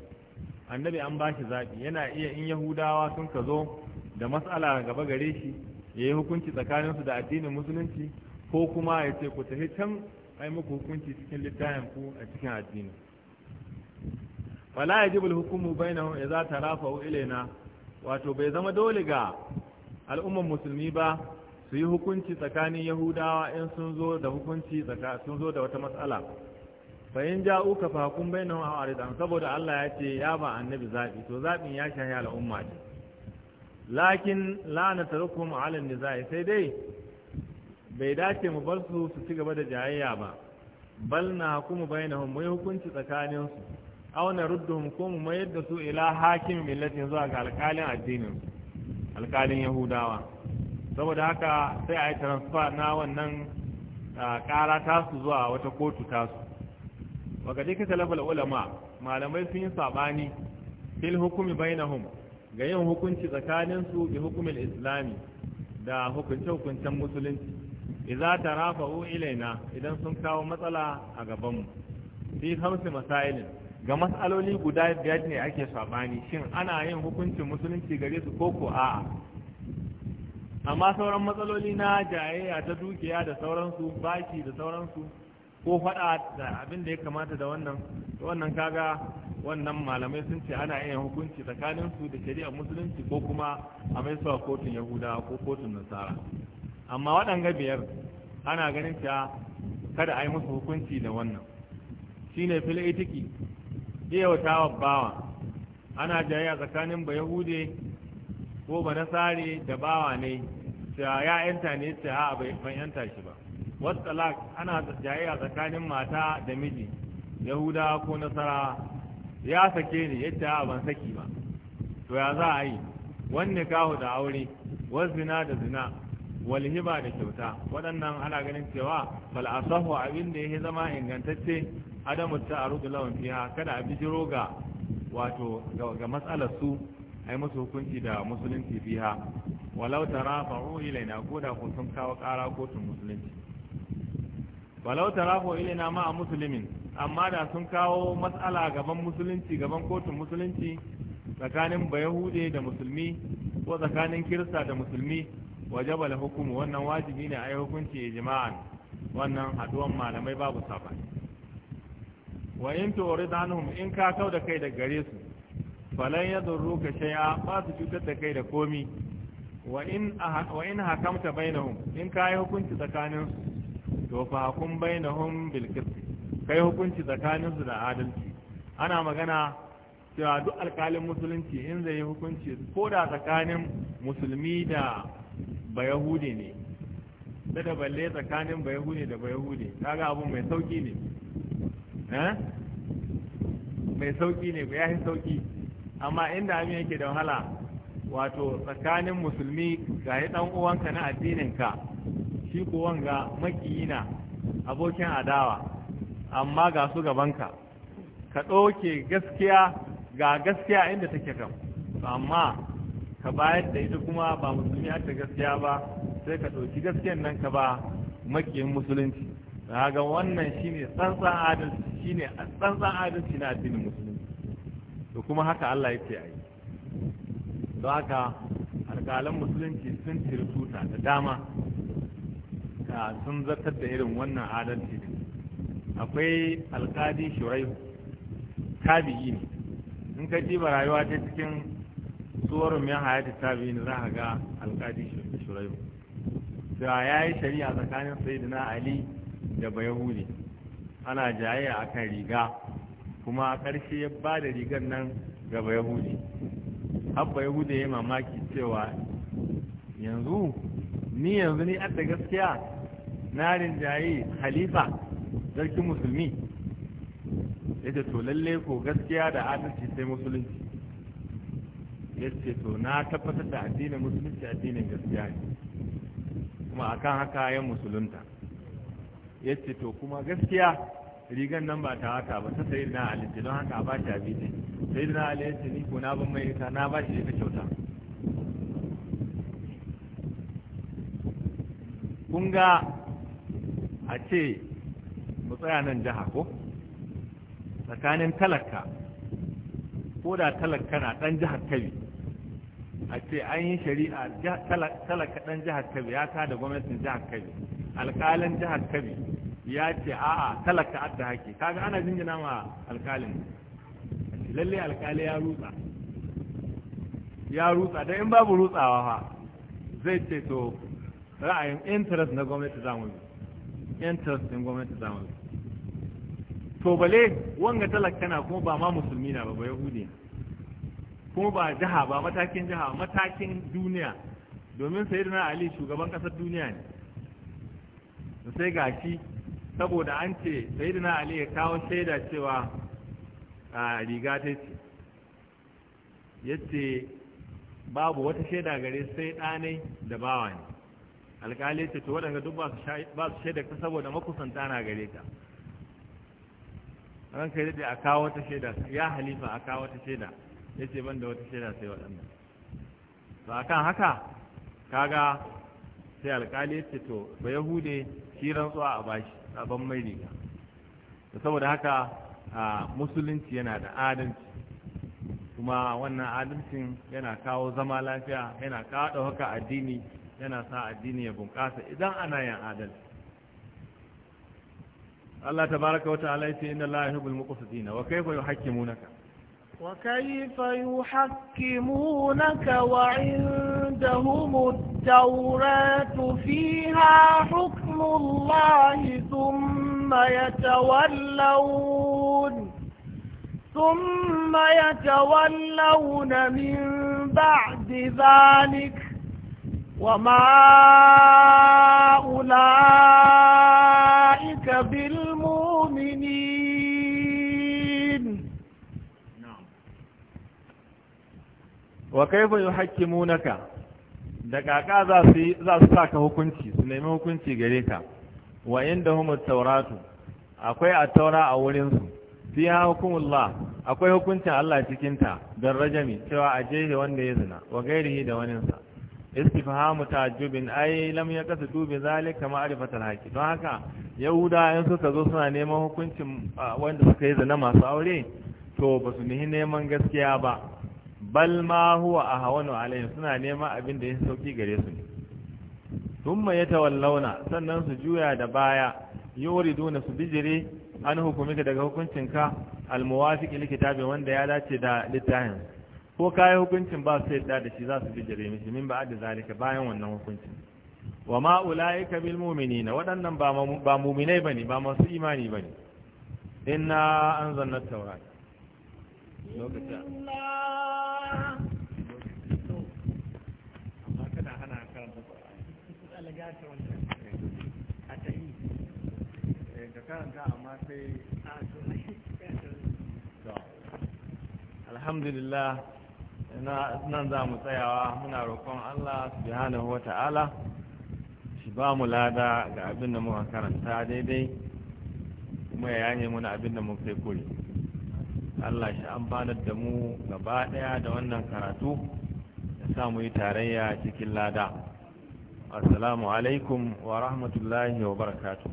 [SPEAKER 1] annabi an ba shi zabi yana iya in yahudawa sun ka zo da mas'ala gaba gare shi yi hukunci tsakanin su da addinin musulunci ko kuma ya ce ku tafi can ai muku hukunci cikin littafin ku a cikin addini fala yajibu al-hukmu bainahum idza tarafa'u ilaina wato bai zama dole ga al'ummar musulmi ba su yi hukunci tsakanin yahudawa in sun zo da hukunci sun zo da wata matsala bayan ja'u ka fakun bainahum aw aridan saboda Allah ya ce ya ba annabi zabi to zabin ya shahi al'umma ce lakin la natrukum ala nizai sai dai bai dace mu bar su su ci gaba da jayayya ba bal na hukumu bainahum mai yi hukunci tsakaninsu aw ruddum ko mu mayar da su ila hakim millati zuwa ga alƙalin addinin alƙalin yahudawa saboda haka sai a yi transfer na wannan ƙara su zuwa wata kotu ta tasu waka dika talabal ulama malamai sun yi saɓani fil hukumi bainahum ga yin hukunci tsakaninsu bi hukumin islami da hukunce-hukuncen musulunci idza tarafa'u ilaina idan sun kawo matsala a gaban mu fi hamsi masailin ga matsaloli guda biyar ne ake sabani shin ana yin hukuncin musulunci gare su ko ko a'a amma sauran matsaloli na jayayya ta dukiya da sauransu baki da sauransu ko faɗa da abin da ya kamata da wannan wannan kaga wannan malamai sun ce ana yin hukunci tsakanin su da shari'ar musulunci ko kuma a mai a kotun Yahuda ko kotun nasara amma waɗanga biyar ana ganin cewa kada a yi musu hukunci da wannan shine fil wa bawa ana jayayya tsakanin ba yahude ko ba nasare da bawa ne ta ya yanta ne ta a bai yanta shi ba wasu ana jayayya tsakanin mata da miji yahuda ko nasara ya sake ni yadda a ban saki ba to ya za a yi wanne kahu da aure wazina da zina walhiba da kyauta waɗannan ana ganin cewa fal'asahu abin da ya zama ingantacce adamu ta'arud lawan fiha kada a bijiro ga wato ga matsalar su ai musu hukunci da musulunci fiha walau tarafa'u ilaina ko da ku sun kawo kara kotun musulunci walau tarafa'u ilaina ma a musulmin amma da sun kawo matsala gaban musulunci gaban kotun musulunci tsakanin bayahude da musulmi ko tsakanin kirista da musulmi wajaba la hukumu wannan wajibi ne a yi hukunci jima'an wannan haduwan malamai babu sabani wa in tu'rid in ka kau da kai da gare su falan yadurruka shay'a ba su cutar da kai da komi wa in wa in hakamta bainahum in ka yi hukunci tsakanin su to fa hukum bainahum bil kai hukunci tsakanin su da adalci ana magana cewa duk alkalin musulunci in zai yi hukunci ko da tsakanin musulmi da bayahudi ne da da balle tsakanin bayahudi da bayahudi kaga abu mai sauki ne Eh? mai sauƙi ne ya yi sauƙi amma inda amin yake da wahala wato tsakanin musulmi ga yi ɗan uwanka na addininka shi ko wanga makiyina abokin adawa amma ga su gabanka ka ɗauke gaskiya ga gaskiya inda take kan amma ka bayar da ita kuma ba musulmi ta gaskiya ba sai ka ɗauki gaskiyan nan ka ba makiyin musulunci ga wannan shine tsantsan adalci ne a tsantsan adalci na addinin musulunci, to kuma haka Allah ya ce a yi don haka alƙalan musulunci sun ciri tuta da dama ka sun zartar da irin wannan adalci ne akwai alƙadi shuraihu tabi'i ne in ka jiba rayuwa ta cikin tsoron mai hayati tabi'i ne za ka ga alƙadi shuraihu cewa ya yi shari'a tsakanin sayidina ali da bayahudi ana jayayya kan riga kuma a ƙarshe ya ba da rigar nan gaba yahudi abba yahudi ya mamaki cewa yanzu ni yanzu ni adda gaskiya na rinjaye halifa sarkin musulmi ya ce to lalle ko gaskiya da adalci sai musulunci ya ce to na tabbatar da addinin musulunci addinin gaskiya ne kuma akan haka ya musulunta ya ce to kuma gaskiya rigan nan ba ta haka ba ta sayi na alice don haka ba shi bi ne sayi na alice ni ko na ban mai ita na ba shi ita kyauta kun ga a ce mu tsaya nan jiha ko tsakanin talaka ko da talaka na dan jihar kabi a ce an yi shari'a talaka dan jihar kabi ya da gwamnatin jihar kabi alkalin jihar kabi ya ce a'a talaka adda hake, kaga ana jingina ma alkalin lalle alkali ya rutsa ya rutsa don in babu rutsawa fa zai ce to ra'ayin interest na gwamnati zamu bi interest din gwamnati zamu bi to bale wanga talaka na kuma ba ma musulmi na ba ba yahudi kuma ba jiha ba matakin jiha matakin duniya domin sayyidina ali shugaban kasar duniya ne sai gashi saboda an ce sayyidina ali ya kawo shaida cewa a riga ta ce ya ce babu wata shaida gare sai ɗanai da bawa ne alƙali ce to waɗanda duk ba su shaida ta saboda makusanta na gare ta ran kai da a kawo wata shaida ya halifa a kawo wata shaida ya ce ban da wata shaida sai waɗanda to a kan haka kaga sai alƙali ce to ba yahude shi rantsuwa a bashi sabon mai riga saboda haka musulunci yana da adalci kuma wannan adalcin yana kawo zama lafiya yana kawo haka addini yana sa addini ya bunƙasa idan ana yin adalci Allah tabaraka wa ta'ala yace inna la yuhibbul muqsitina wa kayfa yuhakkimunaka
[SPEAKER 3] wa kayfa yuhakkimunaka wa indahumut tawratu fiha hukm فضل الله ثم يتولون ثم يتولون من بعد ذلك وما أولئك بالمؤمنين
[SPEAKER 1] وكيف يحكمونك da kaka za su za su saka hukunci su nemi hukunci gare ka wa inda at-tauratu akwai at a wurin su fiha hukumullah akwai hukuncin Allah cikin ta dan rajami cewa a ajehi wanda ya zina wa gairihi da wani sa istifhamu ta'jubin ai lam yaqsidu bi zalika ma'rifatul haqi don haka yahuda in suka zo suna neman hukuncin ah, wanda suka yi zina masu aure to ba su nihi neman gaskiya ba bal ma huwa ahawanu alaihi suna neman abin da ya sauki gare su ne ya tawallauna sannan su juya da baya yuriduna su bijire an hukumika daga hukuncinka almuwafiq likitabi wanda ya dace da littafin ko kai hukuncin ba su yadda da shi za su bijire mishi min ba da zalika bayan wannan hukuncin wa ma ulaika bil mu'minina waɗannan ba ba mu'minai bane ba masu imani bane inna anzalna tawrat lokacin dace wannan a ta yi da eh, karanta amma sai a alhamdulillah nan za mu tsayawa muna roƙon Allah subhanahu wa ta'ala shi ba mu lada ga abin da muka karanta daidai kuma ya yanye muna abin da muka kai kuri Allah shi amfanar da mu gaba ɗaya da wannan karatu ya sa mu yi tarayya cikin lada assalamu alaikum wa rahmatullahi wa barakatu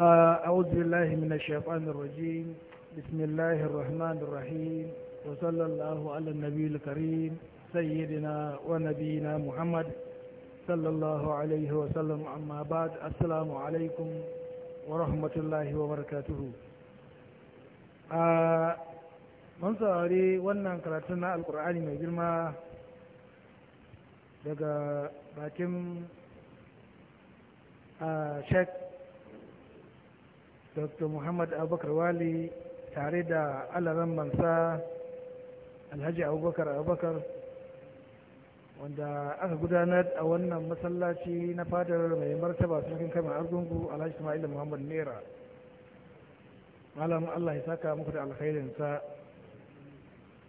[SPEAKER 4] أعوذ بالله من الشيطان الرجيم بسم الله الرحمن الرحيم وصلى الله على النبي الكريم سيدنا ونبينا محمد صلى الله عليه وسلم أما بعد السلام عليكم wa rahmatullahi wa barakatuhu a mun wannan karatun na alkur'ani mai girma daga bakin sheikh dr muhammad abubakar wali tare da alaran mansa alhaji abubakar abubakar wanda aka gudanar a wannan masallaci na fadar mai martaba sarkin kama argungu alhaji ismail muhammad naira malam allah ya saka muku da alkhairinsa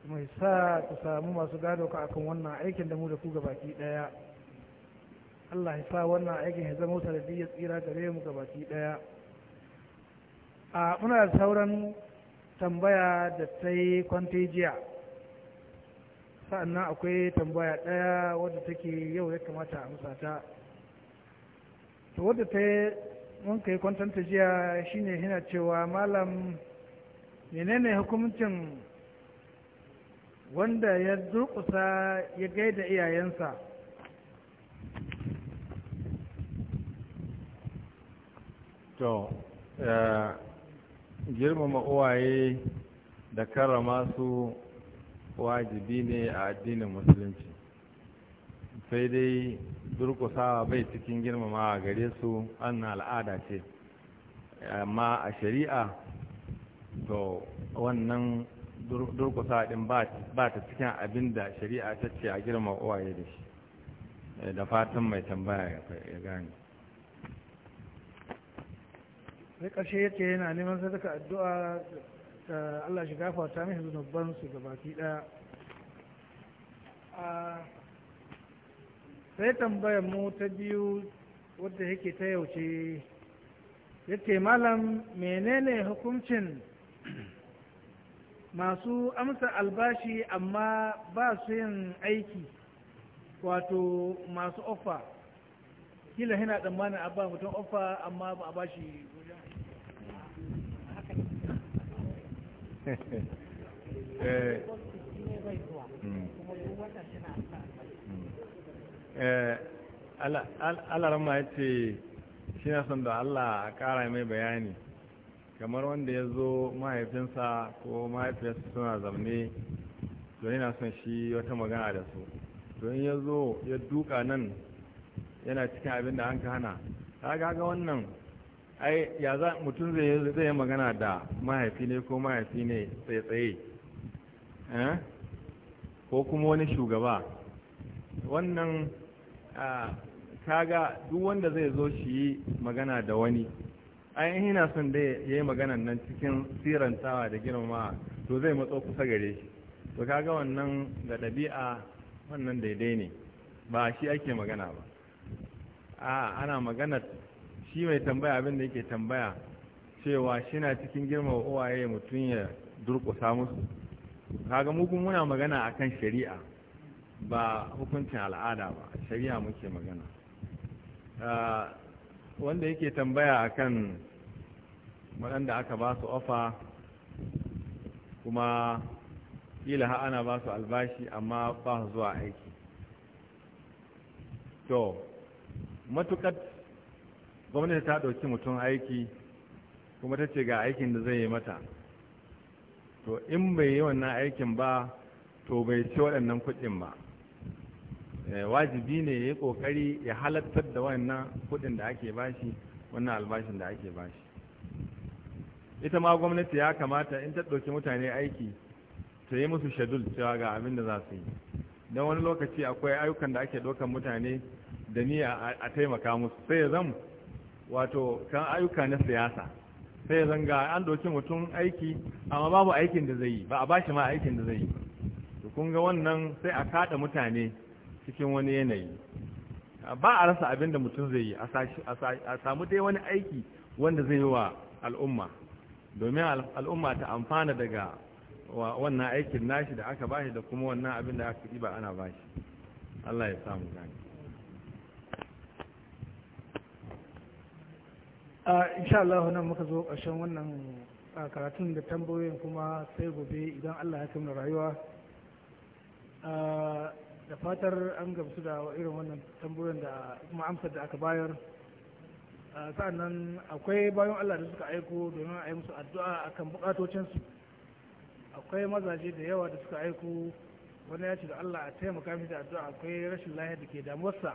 [SPEAKER 4] mai sa ku samu masu gado ka akan wannan aikin da mu da ku gabaki daya allah ya sa wannan aikin ya zama da ya tsira gare mu gabaki daya a muna da sauran tambaya da ta yi kwantijiya sa'annan akwai tambaya ɗaya wadda take yau ya kamata a amsa ta to wadda ta yi wanka yi kwantanta jiya shine yana cewa malam menene hukuncin wanda ya durkusa ya gaida iyayensa
[SPEAKER 1] to eh, girmama uwaye da karrama su wajibi ne a addinin musulunci sai dai durkusawa bai cikin girmamawa gare su an al'ada ce amma a shari'a to wannan durkusa din ba ta cikin abin da shari'a ta ce a girma uwaye da shi eh, da fatan mai tambaya ya gane
[SPEAKER 4] sai ƙarshe yake yana neman sadaka addu'a Allah shi ta mishi zunubban su gabaki daya sai tambayar mu ta biyu wadda yake ta yauce ya malam menene hukuncin masu amsa albashi amma ba su yin aiki wato masu ofa kila yana tsammanin a ba mutum ofa amma ba a bashi
[SPEAKER 1] Eh, mm, mm. eh, alarma ya ce shi na son da allah a kara mai bayani kamar wanda ya zo mahaifinsa ko mahaifiyarsa suna zamne to yana son shi wata magana da su don ya zo ya duka nan yana cikin abin da an ka hana ta gaga wannan ai ya za mutum zai zai magana da mahaifi ne ko mahaifi ne tsaye tsaye eh? ko kuma wani shugaba wannan kaga duk wanda zai zo shi yi magana da wani ainihin yana son da ya yi maganan nan cikin sirantawa da girma to zai matso kusa gare shi to kaga wannan da ɗabi'a wannan daidai ne ba shi ake magana ba a ana maganar shi mai tambaya abin da yake tambaya cewa shi na cikin girma wa uwaye mutum ya durƙusa musu kaga mu kuma muna magana akan shari'a ba hukuncin al'ada ba shari'a muke magana ah, wanda yake tambaya akan waɗanda aka ba su ofa kuma kila ha ana ba su albashi amma ba su zuwa aiki to matukar gwamnati ta ɗauki mutum aiki kuma ta ce ga aikin da zai yi mata to in bai yi wannan aikin ba to bai ci waɗannan kuɗin ba eh, wajibi ne ya yi ƙoƙari ya halattar da wannan kuɗin da ake bashi wannan albashin da ake bashi ita ma gwamnati ya kamata in ta ɗauki mutane aiki ta yi musu shadul cewa ga abin da za su yi don wani lokaci akwai ayyukan da ake ɗaukan mutane da ni a taimaka musu sai ya zama wato kan ayyuka na siyasa sai zanga an doki mutum aiki amma babu aikin da zai yi ba a bashi ma aikin da zai yi to kun ga wannan sai a kada mutane cikin wani yanayi ba a rasa abin da mutum zai yi a samu dai wani aiki wanda zai yi wa al'umma domin al'umma ta amfana daga wannan aikin nashi da aka bashi da kuma wannan abin da aka ba ana bashi Allah ya samu gani insha
[SPEAKER 4] Allah nan muka zo ƙarshen wannan karatun da tambayoyin kuma sai gobe idan Allah ya kai rayuwa da fatar an gamsu da irin wannan tambayoyin da kuma amsar da aka bayar nan akwai bayan Allah da suka aiko domin a yi musu addu'a kan bukatocinsu akwai mazaje da yawa da suka aiko wani ya ce da Allah a taimaka mishi da addu'a akwai rashin lahiya da ke damuwarsa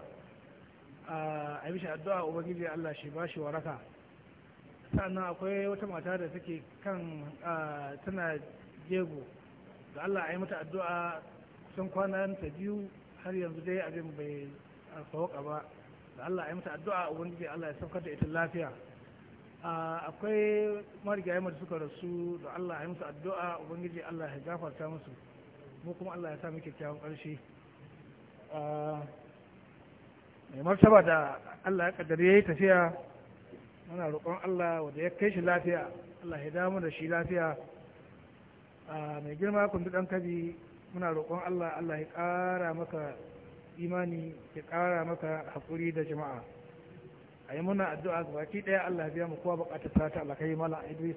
[SPEAKER 4] a yi mishi addu'a ubangiji Allah shi ba shi waraka sannan akwai wata mata da take kan tana jego da Allah a yi mata addu'a kusan kwanan ta biyu har yanzu dai abin bai sauka ba da Allah a yi mata addu'a ubangiji Allah ya saukar da ita lafiya akwai yamma da suka rasu da Allah a yi musu addu'a ubangiji Allah ya gafarta musu mu kuma Allah ya sami mu kyakkyawan ƙarshe mai martaba da Allah ya kaddare ya yi tafiya muna roƙon Allah wanda ya kai shi lafiya Allah ya damu da shi lafiya mai girma kundu ɗan kabi muna roƙon Allah Allah ya ƙara maka imani ya ƙara maka haƙuri da jama'a a yi muna addu'a ga baki ɗaya Allah biya mu kowa buƙatar ta ta alkai mala Idris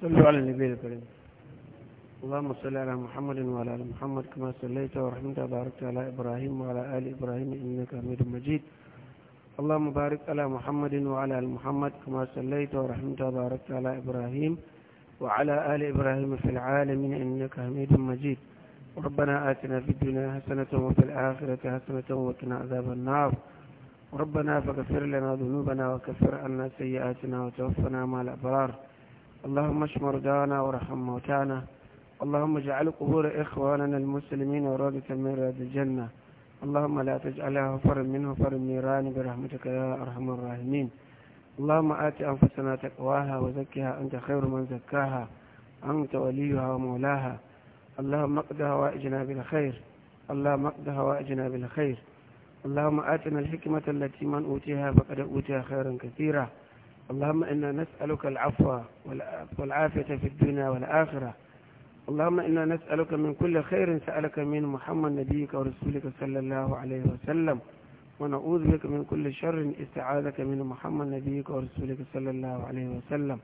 [SPEAKER 2] sallu ala nabi da karim اللهم صل على محمد وعلى ال محمد كما صليت ورحمت وباركت على ابراهيم وعلى ال ابراهيم انك حميد مجيد اللهم بارك على محمد وعلى آل محمد كما صليت ورحمت وباركت على إبراهيم وعلى آل إبراهيم في العالمين إنك حميد مجيد ربنا آتنا في الدنيا حسنة وفي الآخرة حسنة وقنا عذاب النار ربنا فاغفر لنا ذنوبنا وكفر عنا سيئاتنا وتوفنا مع الأبرار اللهم اشف مرضانا وارحم موتانا اللهم اجعل قبور إخواننا المسلمين ورادة من رياض الجنة اللهم لا تجعلها فر منه فر النيران برحمتك يا أرحم الراحمين اللهم آت أنفسنا تقواها وزكها أنت خير من زكاها أنت وليها ومولاها اللهم اقض هوائجنا بالخير اللهم اقض هوائجنا بالخير اللهم آتنا الحكمة التي من أوتيها فقد أوتيها خيرا كثيرا اللهم إنا نسألك العفو والعافية في الدنيا والآخرة اللهم إنا نسألك من كل خير سألك من محمد نبيك ورسولك صلى الله عليه وسلم ونعوذ بك من كل شر استعاذك من محمد نبيك ورسولك صلى الله عليه وسلم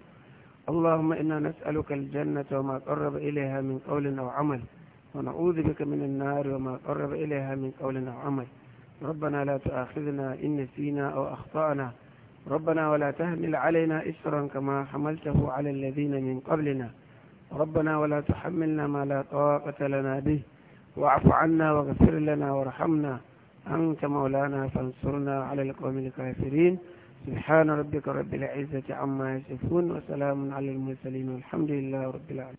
[SPEAKER 2] اللهم إنا نسألك الجنة وما قرب إليها من قول أو عمل ونعوذ بك من النار وما قرب إليها من قول أو عمل ربنا لا تؤاخذنا إن نسينا أو أخطأنا ربنا ولا تهمل علينا إسرا كما حملته على الذين من قبلنا ربنا ولا تحملنا ما لا طاقة لنا به واعف عنا واغفر لنا وارحمنا أنت مولانا فانصرنا على القوم الكافرين سبحان ربك رب العزة عما يصفون وسلام على المرسلين والحمد لله رب العالمين